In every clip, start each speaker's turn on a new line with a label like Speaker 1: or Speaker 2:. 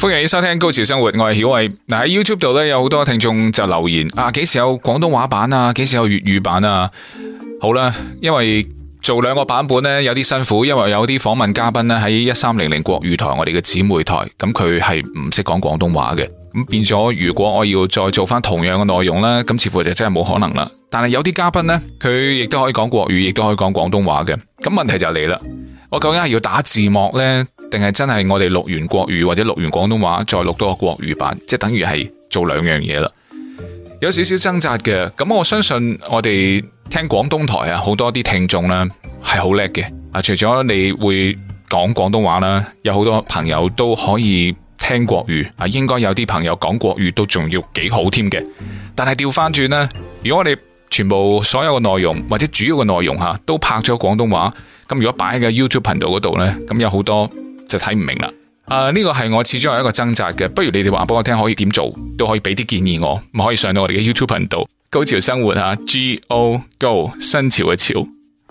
Speaker 1: 歡迎收聽《高潮生活》我曉，我係曉偉。嗱喺 YouTube 度咧，有好多聽眾就留言啊，幾時有廣東話版啊？幾時有粵語版啊？好啦，因為做兩個版本呢，有啲辛苦，因為有啲訪問嘉賓呢，喺一三零零國語台，我哋嘅姊妹台，咁佢係唔識講廣東話嘅，咁變咗如果我要再做翻同樣嘅內容咧，咁似乎就真係冇可能啦。但係有啲嘉賓呢，佢亦都可以講國語，亦都可以講廣東話嘅，咁問題就嚟啦。我究竟係要打字幕呢？定係真係我哋錄完國語或者錄完廣東話，再錄多個國語版，即等於係做兩樣嘢啦。有少少掙扎嘅。咁我相信我哋聽廣東台啊，好多啲聽眾呢係好叻嘅。啊，除咗你會講廣東話啦，有好多朋友都可以聽國語啊。應該有啲朋友講國語都仲要幾好添嘅。但係調翻轉呢，如果我哋全部所有嘅內容或者主要嘅內容吓，都拍咗廣東話。咁如果擺喺個 YouTube 頻道嗰度咧，咁有好多就睇唔明啦。誒、呃、呢、這個係我始終有一個掙扎嘅。不如你哋話俾我聽可以點做，都可以俾啲建議我。可以上到我哋嘅 YouTube 頻道，高潮生活吓、啊、G O Go 新潮嘅潮，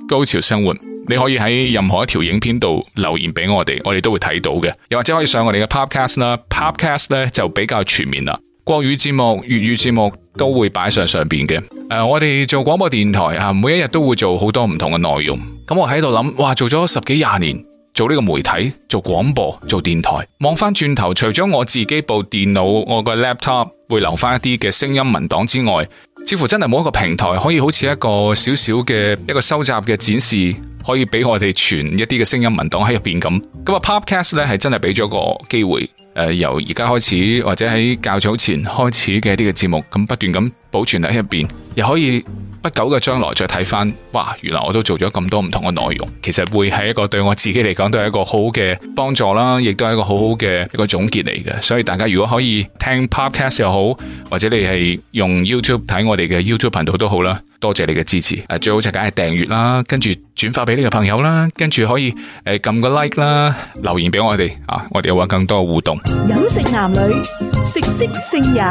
Speaker 1: 高潮生活，你可以喺任何一條影片度留言畀我哋，我哋都會睇到嘅。又或者可以上我哋嘅 Podcast 啦，Podcast 咧就比較全面啦。國語節目、粵語節目。都會擺上上邊嘅，誒、呃，我哋做廣播電台啊，每一日都會做好多唔同嘅內容。咁我喺度諗，哇，做咗十幾廿年，做呢個媒體，做廣播，做電台，望翻轉頭，除咗我自己部電腦，我個 laptop 會留翻一啲嘅聲音文檔之外，似乎真係冇一個平台可以好似一個少少嘅一個收集嘅展示，可以俾我哋傳一啲嘅聲音文檔喺入邊咁。咁、那、啊、個、，podcast 咧，係真係俾咗個機會。呃、由而家開始，或者喺較早前開始嘅一啲嘅節目，咁不斷咁保存喺入邊，又可以，不久嘅將來再睇翻，哇！原來我都做咗咁多唔同嘅內容，其實會係一個對我自己嚟講都係一個好嘅幫助啦，亦都係一個好好嘅一個總結嚟嘅。所以大家如果可以聽 podcast 又好，或者你係用 YouTube 睇我哋嘅 YouTube 頻道都好啦，多謝你嘅支持。誒，最好就梗係訂閱啦，跟住轉發俾呢個朋友啦，跟住可以誒撳個 like 啦，留言俾我哋啊，我哋有揾更多互動。飲食男女，食色性也。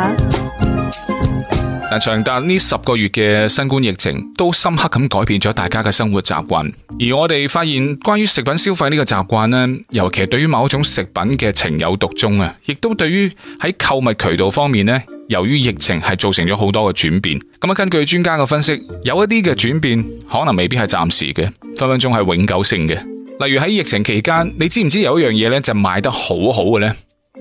Speaker 1: 嗱，長達呢十個月嘅新冠疫情，都深刻咁改變咗大家嘅生活習慣。而我哋發現，關於食品消費呢個習慣咧，尤其對於某一種食品嘅情有獨鍾啊，亦都對於喺購物渠道方面咧，由於疫情係造成咗好多嘅轉變。咁啊，根據專家嘅分析，有一啲嘅轉變可能未必係暫時嘅，分分鐘係永久性嘅。例如喺疫情期間，你知唔知有一樣嘢咧就賣得好好嘅呢？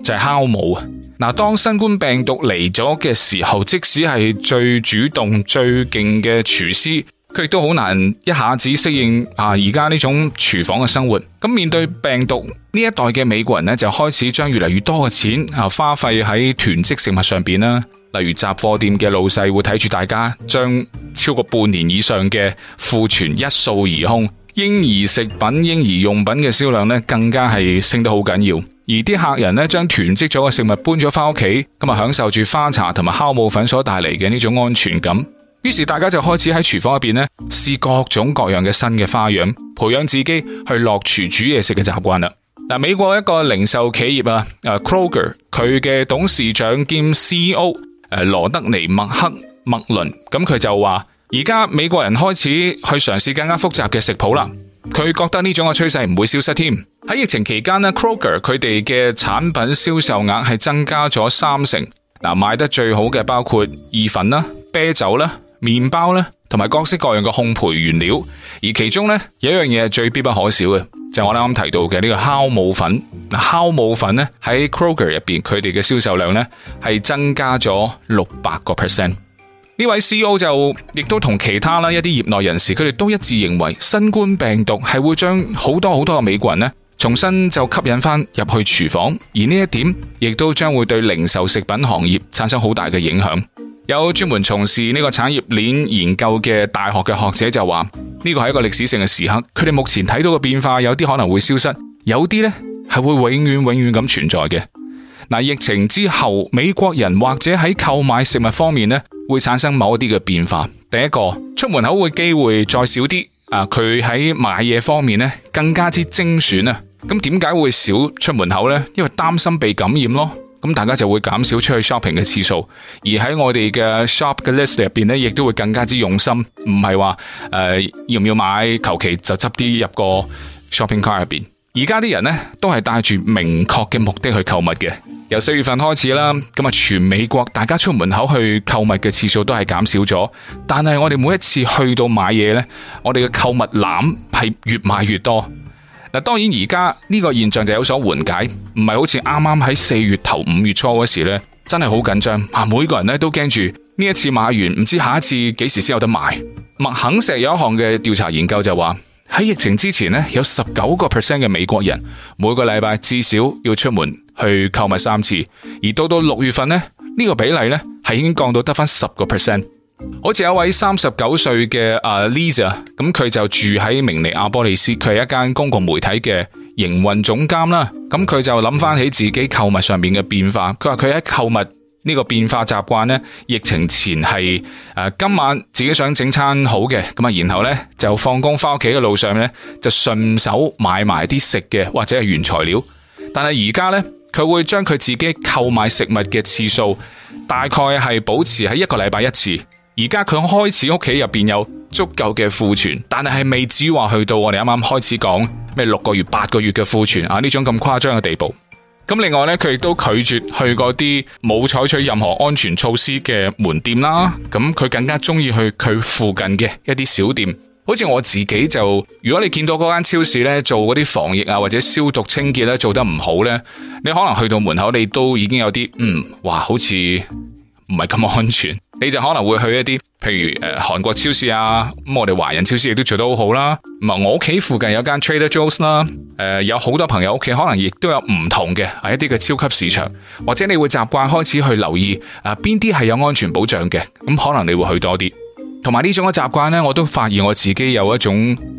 Speaker 1: 就係酵母啊！嗱，當新冠病毒嚟咗嘅時候，即使係最主動、最勁嘅廚師，佢亦都好難一下子適應啊！而家呢種廚房嘅生活，咁面對病毒呢一代嘅美國人呢，就開始將越嚟越多嘅錢啊花費喺囤積食物上邊啦。例如雜貨店嘅老細會睇住大家將超過半年以上嘅庫存一掃而空。嬰兒食品、嬰兒用品嘅銷量咧更加係升得好緊要，而啲客人咧將囤積咗嘅食物搬咗返屋企，咁啊享受住花茶同埋酵母粉所帶嚟嘅呢種安全感。於是大家就開始喺廚房入邊咧試各種各樣嘅新嘅花樣，培養自己去落廚煮嘢食嘅習慣啦。嗱，美國一個零售企業啊，誒，Kroger，佢嘅董事長兼 CEO 誒羅德尼麥克麥倫，咁佢就話。而家美國人開始去嘗試更加複雜嘅食譜啦，佢覺得呢種嘅趨勢唔會消失添。喺疫情期間呢 Kroger 佢哋嘅產品銷售額係增加咗三成。嗱，賣得最好嘅包括意粉啦、啤酒啦、麵包啦，同埋各式各樣嘅烘焙原料。而其中呢，有一樣嘢係最必不可少嘅，就係我啱啱提到嘅呢個酵母粉。嗱酵母粉咧喺 Kroger 入邊，佢哋嘅銷售量呢係增加咗六百個 percent。呢位 CEO 就亦都同其他啦一啲業內人士，佢哋都一致認為新冠病毒係會將好多好多嘅美國人呢重新就吸引翻入去廚房，而呢一點亦都將會對零售食品行業產生好大嘅影響。有專門從事呢個產業鏈研究嘅大學嘅學者就話：呢個係一個歷史性嘅時刻。佢哋目前睇到嘅變化有啲可能會消失，有啲咧係會永遠永遠咁存在嘅。嗱，疫情之後，美國人或者喺購買食物方面咧會產生某一啲嘅變化。第一個，出門口嘅機會再少啲，啊，佢喺買嘢方面咧更加之精選啊。咁點解會少出門口呢？因為擔心被感染咯。咁大家就會減少出去 shopping 嘅次數，而喺我哋嘅 shop 嘅 list 入邊咧，亦都會更加之用心，唔係話誒要唔要買，求其就執啲入個 shopping cart 入邊。而家啲人呢，都係帶住明確嘅目的去購物嘅。由四月份開始啦，咁啊，全美國大家出門口去購物嘅次數都係減少咗。但係我哋每一次去到買嘢呢，我哋嘅購物籃係越買越多。嗱，當然而家呢個現象就有所緩解，唔係好似啱啱喺四月頭五月初嗰時呢，真係好緊張啊！每個人呢都驚住呢一次買完，唔知下一次幾時先有得買。麥肯錫有一項嘅調查研究就話。喺疫情之前呢，有十九個 percent 嘅美國人每個禮拜至少要出門去購買三次，而到到六月份咧，呢、這個比例呢係已經降到得返十個 percent。好似有位三十九歲嘅 Lisa，咁佢就住喺明尼亞波利斯，佢係一間公共媒體嘅營運總監啦。咁佢就諗返起自己購物上面嘅變化，佢話佢喺購物。呢個變化習慣呢，疫情前係誒、呃、今晚自己想整餐好嘅，咁啊然後呢就放工翻屋企嘅路上呢，就順手買埋啲食嘅或者係原材料。但係而家呢，佢會將佢自己購買食物嘅次數大概係保持喺一個禮拜一次。而家佢開始屋企入邊有足夠嘅庫存，但係係未至於話去到我哋啱啱開始講咩六個月，八個月嘅庫存啊，呢種咁誇張嘅地步。咁另外咧，佢亦都拒絕去嗰啲冇採取任何安全措施嘅門店啦。咁佢更加鍾意去佢附近嘅一啲小店。好似我自己就，如果你見到嗰間超市咧，做嗰啲防疫啊或者消毒清潔咧做得唔好咧，你可能去到門口你都已經有啲，嗯，哇，好似唔係咁安全。你就可能會去一啲，譬如誒、呃、韓國超市啊，咁我哋華人超市亦都做得好好啦。唔啊，我屋企附近有間 Trader Joe's 啦，誒、呃、有好多朋友屋企可能亦都有唔同嘅啊一啲嘅超級市場，或者你會習慣開始去留意啊，邊啲係有安全保障嘅，咁可能你會去多啲。同埋呢種嘅習慣呢，我都發現我自己有一種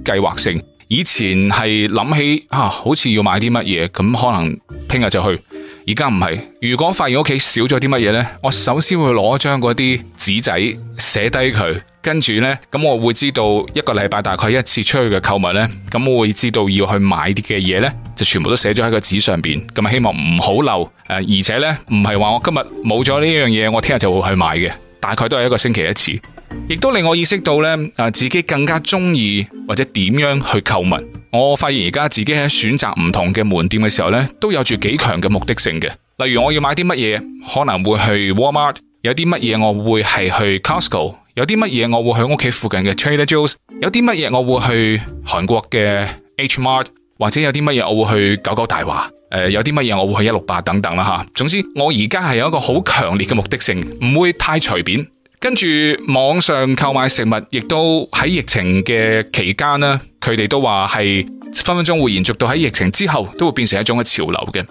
Speaker 1: 計劃性。以前係諗起啊，好似要買啲乜嘢，咁可能聽日就去。而家唔係，如果發現屋企少咗啲乜嘢呢？我首先會攞張嗰啲紙仔寫低佢，跟住呢，咁我會知道一個禮拜大概一次出去嘅購物呢，咁我會知道要去買啲嘅嘢呢，就全部都寫咗喺個紙上邊，咁啊希望唔好漏誒，而且呢，唔係話我今日冇咗呢樣嘢，我聽日就會去買嘅，大概都係一個星期一次。亦都令我意識到咧，啊，自己更加中意或者點樣去購物。我發現而家自己喺選擇唔同嘅門店嘅時候咧，都有住幾強嘅目的性嘅。例如我要買啲乜嘢，可能會去 Walmart；有啲乜嘢我會係去 Costco；有啲乜嘢我會喺屋企附近嘅 Trader Joe's；有啲乜嘢我會去韓國嘅 H Mart；或者有啲乜嘢我會去九九大華；誒，有啲乜嘢我會去一六八等等啦吓。總之，我而家係有一個好強烈嘅目的性，唔會太隨便。跟住網上購買食物，亦都喺疫情嘅期間呢，佢哋都話係分分鐘會延續到喺疫情之後，都會變成一種嘅潮流嘅。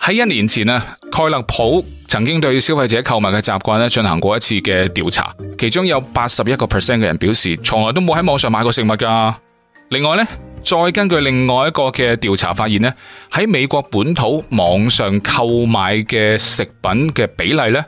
Speaker 1: 喺一年前啊，蓋勒普曾經對消費者購物嘅習慣呢進行過一次嘅調查，其中有八十一個 percent 嘅人表示從來都冇喺網上買過食物噶。另外呢，再根據另外一個嘅調查發現呢，喺美國本土網上購買嘅食品嘅比例呢，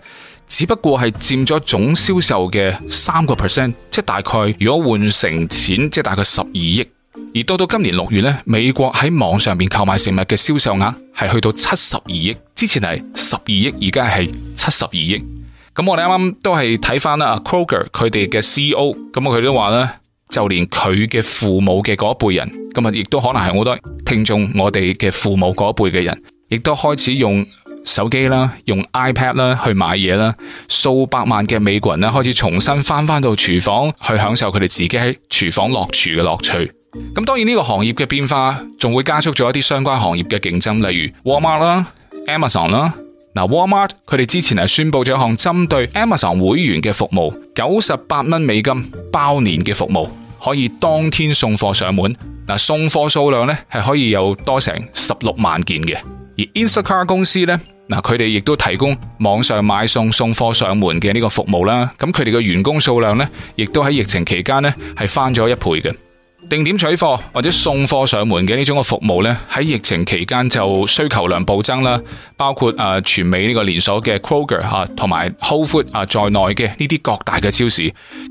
Speaker 1: 只不過係佔咗總銷售嘅三個 percent，即係大概如果換成錢，即係大概十二億。而到到今年六月咧，美國喺網上邊購買食物嘅銷售額係去到七十二億，之前係十二億，而家係七十二億。咁我哋啱啱都係睇翻啦，啊 Kroger 佢哋嘅 CEO 咁啊，佢都話咧，就連佢嘅父母嘅嗰一輩人，咁啊，亦都可能係好多聽眾我哋嘅父母嗰一輩嘅人，亦都開始用。手機啦，用 iPad 啦，去買嘢啦，數百萬嘅美國人咧開始重新翻翻到廚房去享受佢哋自己喺廚房落廚嘅樂趣。咁當然呢個行業嘅變化，仲會加速咗一啲相關行業嘅競爭，例如 Walmart 啦、Amazon 啦。嗱，Walmart 佢哋之前係宣佈咗一項針對 Amazon 會員嘅服務，九十八蚊美金包年嘅服務，可以當天送貨上門。嗱，送貨數量咧係可以有多成十六萬件嘅。而 Instacart 公司呢，嗱，佢哋亦都提供網上買送送貨上門嘅呢個服務啦。咁佢哋嘅員工數量呢，亦都喺疫情期間呢，係翻咗一倍嘅。定點取貨或者送貨上門嘅呢種嘅服務呢，喺疫情期間就需求量暴增啦。包括誒全美呢個連鎖嘅 Kroger 吓、同埋 Whole Foods 啊，在內嘅呢啲各大嘅超市，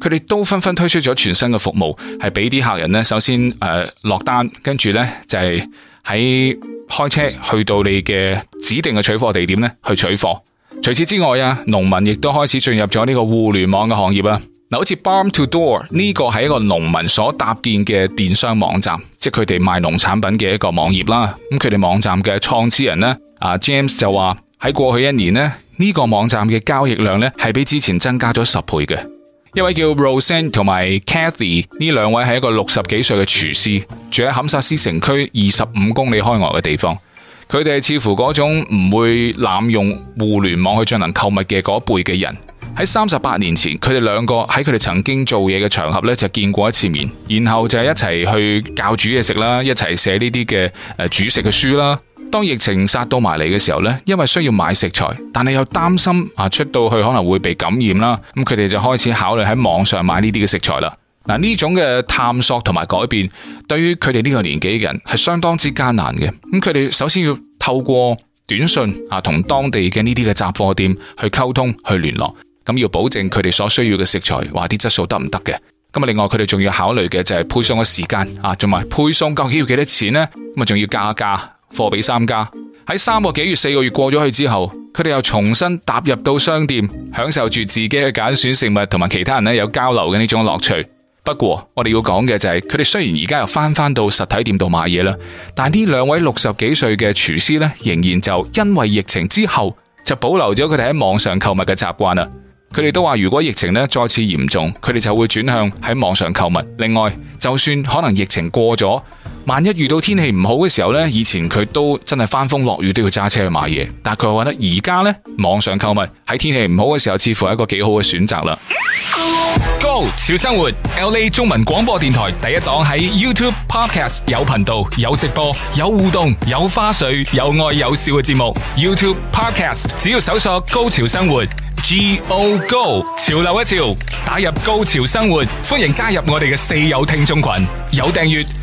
Speaker 1: 佢哋都紛紛推出咗全新嘅服務，係俾啲客人呢首先，誒落單，跟住呢，就係、是。喺開車去到你嘅指定嘅取貨地點咧，去取貨。除此之外啊，農民亦都開始進入咗呢個互聯網嘅行業啊。嗱，好似 Farm to Door 呢個係一個農民所搭建嘅電商網站，即係佢哋賣農產品嘅一個網頁啦。咁佢哋網站嘅創始人呢阿 James 就話喺過去一年呢，呢、呢個網站嘅交易量呢係比之前增加咗十倍嘅。呢位叫 Rosanne 同埋 Kathy，呢兩位係一個六十幾歲嘅廚師，住喺坎薩斯城區二十五公里開外嘅地方。佢哋似乎嗰種唔會濫用互聯網去進行購物嘅嗰一輩嘅人。喺三十八年前，佢哋兩個喺佢哋曾經做嘢嘅場合咧就見過一次面，然後就係一齊去教煮嘢食啦，一齊寫呢啲嘅誒煮食嘅書啦。當疫情殺到埋嚟嘅時候咧，因為需要買食材，但係又擔心啊出到去可能會被感染啦，咁佢哋就開始考慮喺網上買呢啲嘅食材啦。嗱，呢種嘅探索同埋改變，對於佢哋呢個年紀嘅人係相當之艱難嘅。咁佢哋首先要透過短信啊，同當地嘅呢啲嘅雜貨店去溝通去聯絡，咁要保證佢哋所需要嘅食材，話啲質素得唔得嘅？咁啊，另外佢哋仲要考慮嘅就係配送嘅時間啊，同埋配送究竟要幾多錢呢？咁啊，仲要加價。貨比三家，喺三個幾月、四個月過咗去之後，佢哋又重新踏入到商店，享受住自己嘅揀選食物同埋其他人咧有交流嘅呢種樂趣。不過我哋要講嘅就係佢哋雖然而家又翻翻到實體店度買嘢啦，但呢兩位六十幾歲嘅廚師咧，仍然就因為疫情之後就保留咗佢哋喺網上購物嘅習慣啦。佢哋都話如果疫情咧再次嚴重，佢哋就會轉向喺網上購物。另外就算可能疫情過咗。萬一遇到天氣唔好嘅時候咧，以前佢都真係翻風落雨都要揸車去買嘢，但係佢覺得而家咧，網上購物喺天氣唔好嘅時候，似乎係一個幾好嘅選擇啦。Go，潮生活，LA 中文廣播電台第一檔喺 YouTube Podcast 有頻道、有直播、有互動、有花絮、有愛有笑嘅節目。YouTube Podcast 只要搜索“高潮生活 ”，G O Go，潮流一潮，打入高潮生活，歡迎加入我哋嘅四友聽眾群，有訂閱。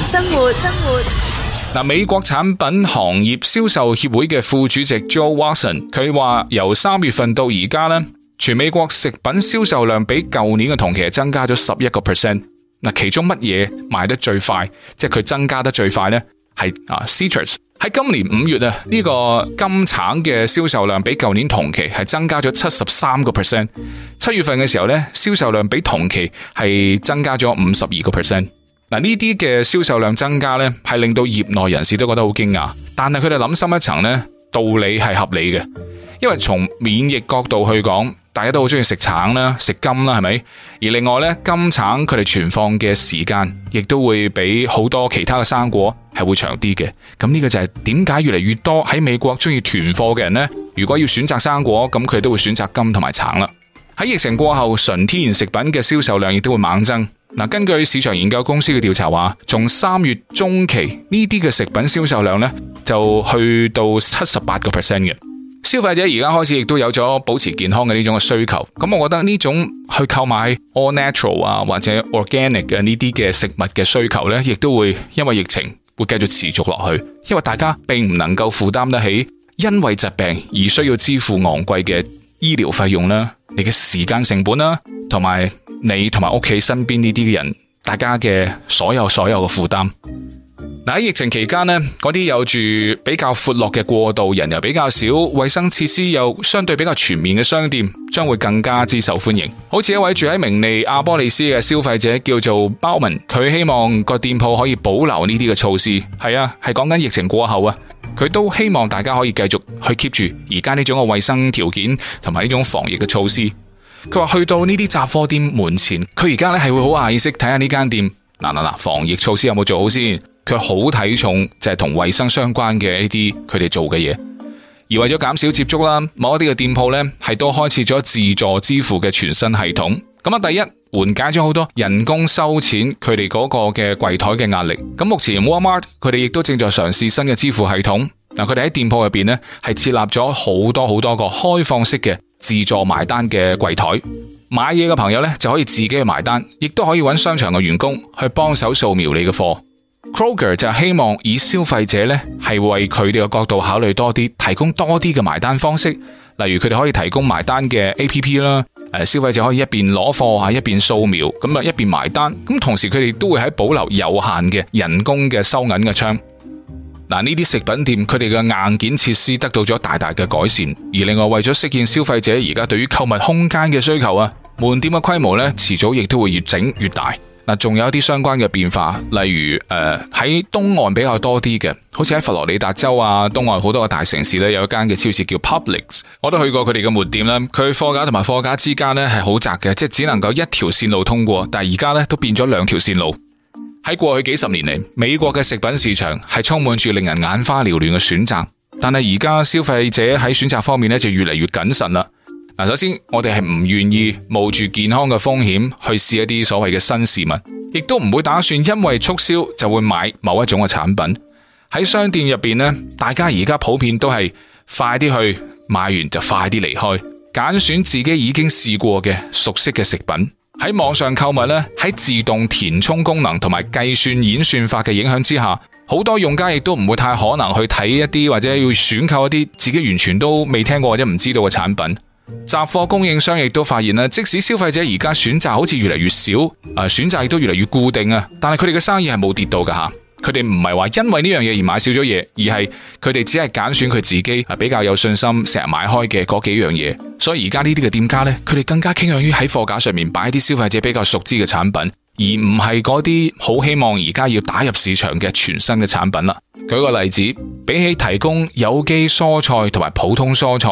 Speaker 1: 生活，生活。嗱，美國產品行業銷售協會嘅副主席 Joe Watson 佢話，由三月份到而家咧，全美國食品銷售量比舊年嘅同期增加咗十一個 percent。嗱，其中乜嘢賣得最快？即係佢增加得最快呢？係啊，Citrus。喺 Cit 今年五月啊，呢、這個金橙嘅銷售量比舊年同期係增加咗七十三個 percent。七月份嘅時候咧，銷售量比同期係增加咗五十二個 percent。嗱，呢啲嘅銷售量增加呢，係令到業內人士都覺得好驚訝。但係佢哋諗深一層呢，道理係合理嘅。因為從免疫角度去講，大家都好中意食橙啦、食柑啦，係咪？而另外呢，柑橙佢哋存放嘅時間，亦都會比好多其他嘅生果係會長啲嘅。咁呢個就係點解越嚟越多喺美國中意囤貨嘅人呢？如果要選擇生果，咁佢都會選擇柑同埋橙啦。喺疫情過後，純天然食品嘅銷售量亦都會猛增。根據市場研究公司嘅調查話，從三月中期呢啲嘅食品銷售量呢，就去到七十八個 percent 嘅。消費者而家開始亦都有咗保持健康嘅呢種嘅需求。咁我覺得呢種去購買 all natural 啊或者 organic 嘅呢啲嘅食物嘅需求呢，亦都會因為疫情會繼續持續落去，因為大家並唔能夠負擔得起，因為疾病而需要支付昂貴嘅醫療費用啦，你嘅時間成本啦，同埋。你同埋屋企身邊呢啲人，大家嘅所有所有嘅負擔。嗱，喺疫情期間呢，嗰啲有住比較闊落嘅過渡人流又比較少，衛生設施又相對比較全面嘅商店，將會更加之受歡迎。好似一位住喺明尼阿波利斯嘅消費者叫做包文，佢希望個店鋪可以保留呢啲嘅措施。係啊，係講緊疫情過後啊，佢都希望大家可以繼續去 keep 住而家呢種嘅衛生條件同埋呢種防疫嘅措施。佢話去到呢啲雜貨店門前，佢而家咧，係會好下意識睇下呢間店嗱嗱嗱，防疫措施有冇做好先，佢好睇重就係同衛生相關嘅呢啲佢哋做嘅嘢，而為咗減少接觸啦，某一啲嘅店鋪呢係都開始咗自助支付嘅全新系統。咁啊，第一緩解咗好多人工收錢佢哋嗰個嘅櫃台嘅壓力。咁目前 Walmart 佢哋亦都正在嘗試新嘅支付系統。嗱，佢哋喺店鋪入邊呢係設立咗好多好多個開放式嘅自助埋單嘅櫃台買嘢嘅朋友呢，就可以自己去埋單，亦都可以揾商場嘅員工去幫手掃描你嘅貨。Kroger 就希望以消費者呢，係為佢哋嘅角度考慮多啲，提供多啲嘅埋單方式，例如佢哋可以提供埋單嘅 App 啦。誒，消費者可以一邊攞貨吓，一邊掃描咁啊，一邊埋單。咁同時佢哋都會喺保留有限嘅人工嘅收銀嘅窗。嗱，呢啲食品店佢哋嘅硬件設施得到咗大大嘅改善，而另外為咗適應消費者而家對於購物空間嘅需求啊，門店嘅規模咧遲早亦都會越整越大。嗱，仲有一啲相關嘅變化，例如誒喺、呃、東岸比較多啲嘅，好似喺佛羅里達州啊，東岸好多嘅大城市咧有一間嘅超市叫 Publix，我都去過佢哋嘅門店啦，佢貨架同埋貨架之間咧係好窄嘅，即係只能夠一條線路通過，但係而家咧都變咗兩條線路。喺過去幾十年嚟，美國嘅食品市場係充滿住令人眼花繚亂嘅選擇，但係而家消費者喺選擇方面咧就越嚟越謹慎啦。嗱，首先我哋係唔願意冒住健康嘅風險去試一啲所謂嘅新事物，亦都唔會打算因為促銷就會買某一種嘅產品。喺商店入邊呢，大家而家普遍都係快啲去，買完就快啲離開，揀選自己已經試過嘅熟悉嘅食品。喺網上購物呢，喺自動填充功能同埋計算演算法嘅影響之下，好多用家亦都唔會太可能去睇一啲或者要選購一啲自己完全都未聽過或者唔知道嘅產品。雜貨供應商亦都發現啦，即使消費者而家選擇好似越嚟越少，誒選擇亦都越嚟越固定啊，但係佢哋嘅生意係冇跌到嘅吓。佢哋唔係話因為呢樣嘢而買少咗嘢，而係佢哋只係揀選佢自己啊比較有信心成日買開嘅嗰幾樣嘢，所以而家呢啲嘅店家咧，佢哋更加傾向於喺貨架上面擺啲消費者比較熟知嘅產品，而唔係嗰啲好希望而家要打入市場嘅全新嘅產品啦。舉個例子，比起提供有機蔬菜同埋普通蔬菜，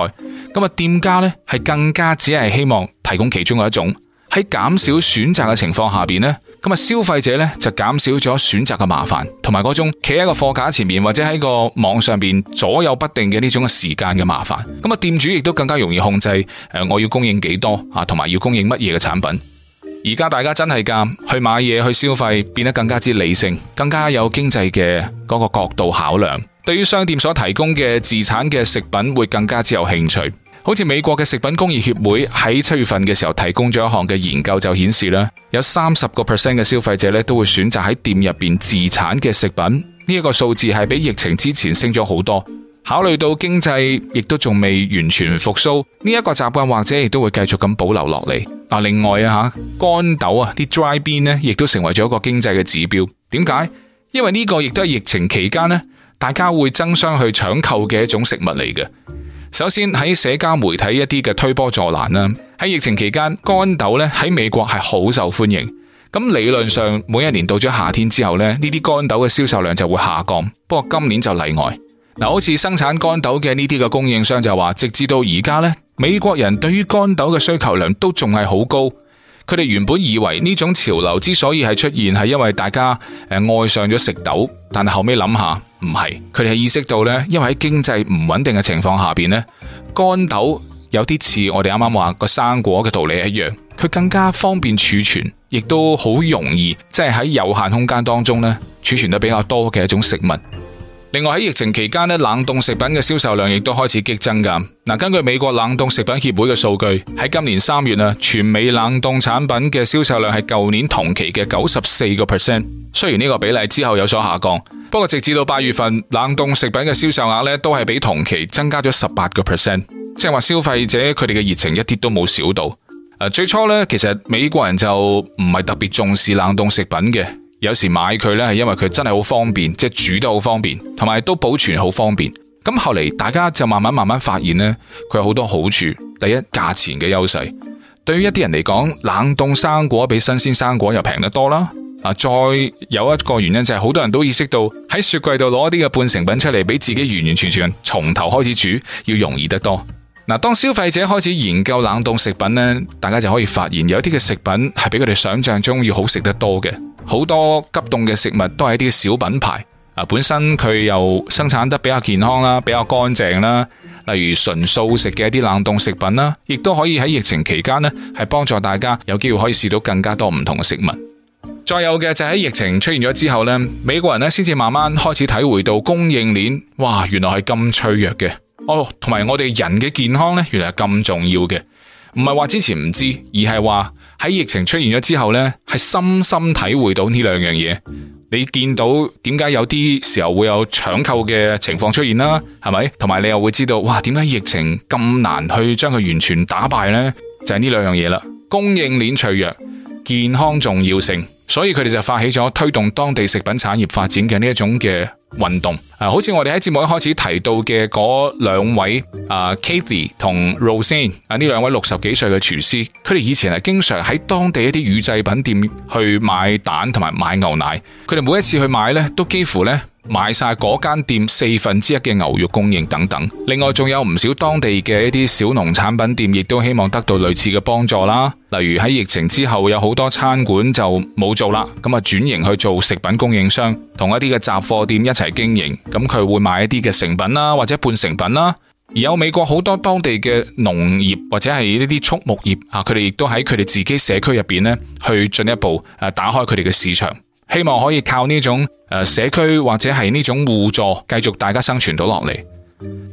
Speaker 1: 咁啊店家咧係更加只係希望提供其中嘅一種，喺減少選擇嘅情況下邊咧。咁啊，消費者咧就減少咗選擇嘅麻煩，同埋嗰種企喺個貨架前面或者喺個網上邊左右不定嘅呢種嘅時間嘅麻煩。咁啊，店主亦都更加容易控制，誒，我要供應幾多啊，同埋要供應乜嘢嘅產品。而家大家真係㗎，去買嘢去消費變得更加之理性，更加有經濟嘅嗰個角度考量，對於商店所提供嘅自產嘅食品會更加之有興趣。好似美國嘅食品工業協會喺七月份嘅時候提供咗一項嘅研究就顯示啦，有三十個 percent 嘅消費者咧都會選擇喺店入邊自產嘅食品，呢一個數字係比疫情之前升咗好多。考慮到經濟亦都仲未完全復甦，呢一個習慣或者亦都會繼續咁保留落嚟。嗱，另外啊吓乾豆啊啲 dry bean 呢亦都成為咗一個經濟嘅指標。點解？因為呢個亦都係疫情期間呢，大家會爭相去搶購嘅一種食物嚟嘅。首先喺社交媒體一啲嘅推波助瀾啦，喺疫情期間乾豆咧喺美國係好受歡迎。咁理論上每一年到咗夏天之後咧，呢啲乾豆嘅銷售量就會下降。不過今年就例外。嗱，好似生產乾豆嘅呢啲嘅供應商就話，直至到而家咧，美國人對於乾豆嘅需求量都仲係好高。佢哋原本以為呢種潮流之所以係出現，係因為大家誒愛上咗食豆，但係後尾諗下唔係，佢哋係意識到呢，因為喺經濟唔穩定嘅情況下邊呢，乾豆有啲似我哋啱啱話個生果嘅道理一樣，佢更加方便儲存，亦都好容易，即係喺有限空間當中呢儲存得比較多嘅一種食物。另外，喺疫情期間，冷凍食品嘅銷售量亦都開始激增噶。根據美國冷凍食品協會嘅數據，喺今年三月，全美冷凍產品嘅銷售量係舊年同期嘅九十四個 percent。雖然呢個比例之後有所下降，不過直至到八月份，冷凍食品嘅銷售額都係比同期增加咗十八個 percent，即係話消費者佢哋嘅熱情一啲都冇少到。最初呢，其實美國人就唔係特別重視冷凍食品嘅。有時買佢呢，係因為佢真係好方便，即係煮得好方便，同埋都保存好方便。咁後嚟大家就慢慢慢慢發現呢，佢有好多好處。第一，價錢嘅優勢，對於一啲人嚟講，冷凍生果比新鮮生果又平得多啦。啊，再有一個原因就係好多人都意識到喺雪櫃度攞啲嘅半成品出嚟，比自己完完全全從頭開始煮要容易得多。嗱，當消費者開始研究冷凍食品呢，大家就可以發現有啲嘅食品係比佢哋想象中要好食得多嘅。好多急凍嘅食物都係一啲小品牌，啊，本身佢又生產得比較健康啦，比較乾淨啦，例如純素食嘅一啲冷凍食品啦，亦都可以喺疫情期間呢係幫助大家有機會可以試到更加多唔同嘅食物。再有嘅就係，疫情出現咗之後呢，美國人呢先至慢慢開始體會到供應鏈，哇，原來係咁脆弱嘅哦，同埋我哋人嘅健康呢，原來係咁重要嘅，唔係話之前唔知，而係話。喺疫情出現咗之後呢係深深體會到呢兩樣嘢。你見到點解有啲時候會有搶購嘅情況出現啦？係咪？同埋你又會知道，哇！點解疫情咁難去將佢完全打敗呢？就係呢兩樣嘢啦。供應鏈脆弱，健康重要性，所以佢哋就發起咗推動當地食品產業發展嘅呢一種嘅。運動啊，好似我哋喺節目一開始提到嘅嗰兩位啊，Kathy 同 Rose 啊，呢兩、啊、位六十幾歲嘅廚師，佢哋以前係經常喺當地一啲乳製品店去買蛋同埋買牛奶，佢哋每一次去買咧，都幾乎咧。買晒嗰間店四分之一嘅牛肉供應等等，另外仲有唔少當地嘅一啲小農產品店，亦都希望得到類似嘅幫助啦。例如喺疫情之後，有好多餐館就冇做啦，咁啊轉型去做食品供應商，同一啲嘅雜貨店一齊經營，咁佢會買一啲嘅成品啦或者半成品啦。而有美國好多當地嘅農業或者係呢啲畜牧業啊，佢哋亦都喺佢哋自己社區入邊呢，去進一步誒打開佢哋嘅市場。希望可以靠呢種社區或者係呢種互助，繼續大家生存到落嚟。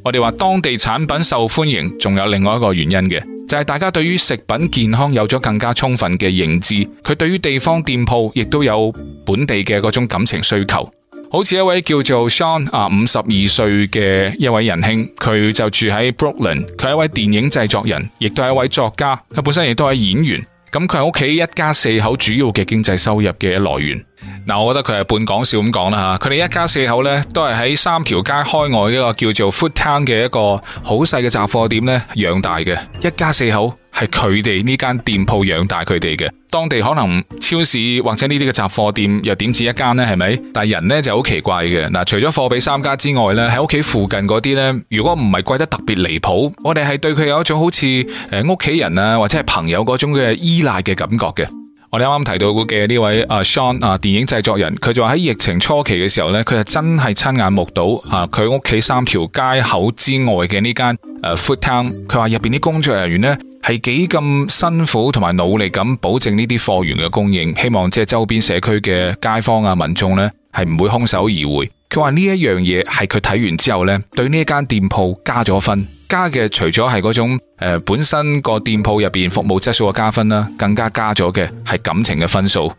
Speaker 1: 我哋話當地產品受歡迎，仲有另外一個原因嘅，就係大家對於食品健康有咗更加充分嘅認知，佢對於地方店鋪亦都有本地嘅嗰種感情需求。好似一位叫做 Sean 啊，五十二歲嘅一位仁兄，佢就住喺 Brooklyn，、ok、佢係一位電影製作人，亦都係一位作家，佢本身亦都係演員。咁佢係屋企一家四口主要嘅經濟收入嘅來源，嗱，我覺得佢係半講笑咁講啦嚇，佢哋一家四口咧都係喺三條街開外一個叫做 Food Town 嘅一個好細嘅雜貨店咧養大嘅一家四口。係佢哋呢間店鋪養大佢哋嘅，當地可能超市或者呢啲嘅雜貨店又點止一間呢？係咪？但係人呢就好奇怪嘅。嗱，除咗貨比三家之外呢，喺屋企附近嗰啲呢，如果唔係貴得特別離譜，我哋係對佢有一種好似誒，屋企人啊或者係朋友嗰種嘅依賴嘅感覺嘅。我哋啱啱提到嘅呢位阿 Sean 啊，電影製作人，佢就話喺疫情初期嘅時候咧，佢就真係親眼目睹啊，佢屋企三條街口之外嘅呢間誒 Food Town，佢話入邊啲工作人員咧係幾咁辛苦同埋努力咁保證呢啲貨源嘅供應，希望即係周邊社區嘅街坊啊、民眾咧係唔會空手而回。佢話呢一樣嘢係佢睇完之後咧，對呢一間店鋪加咗分。加嘅除咗係嗰種誒、呃、本身個店鋪入邊服務質素嘅加分啦，更加加咗嘅係感情嘅分數。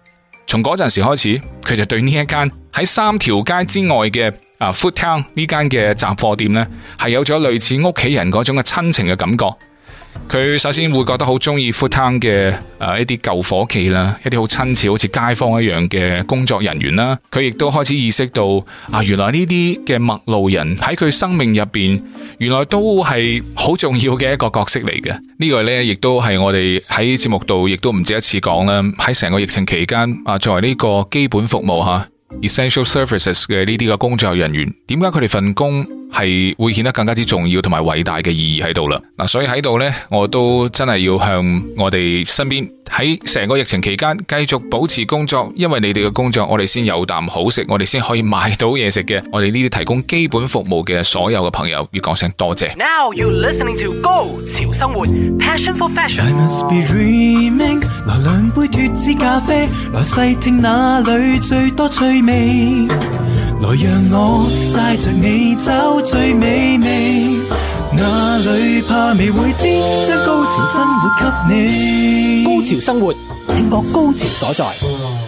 Speaker 1: 從嗰陣時開始，佢就對呢一間喺三條街之外嘅啊 Food Town 呢間嘅雜貨店呢，係有咗類似屋企人嗰種嘅親情嘅感覺。佢首先會覺得好中意 Food Town 嘅誒一啲舊伙計啦，一啲好親切好似街坊一樣嘅工作人員啦。佢亦都開始意識到啊，原來呢啲嘅陌路人喺佢生命入邊，原來都係好重要嘅一個角色嚟嘅。這個、呢個咧亦都係我哋喺節目度亦都唔止一次講啦。喺成個疫情期間啊，作為呢個基本服務吓、啊、essential services 嘅呢啲嘅工作人員，點解佢哋份工？係會顯得更加之重要同埋偉大嘅意義喺度啦，嗱，所以喺度呢，我都真係要向我哋身邊喺成個疫情期間繼續保持工作，因為你哋嘅工作我，我哋先有啖好食，我哋先可以買到嘢食嘅，我哋呢啲提供基本服務嘅所有嘅朋友要講聲多謝，要講聲多謝。來讓我帶着你找最美味，那裏怕未會知，將高潮生活給你。高潮生活，聽覺高潮所在。潮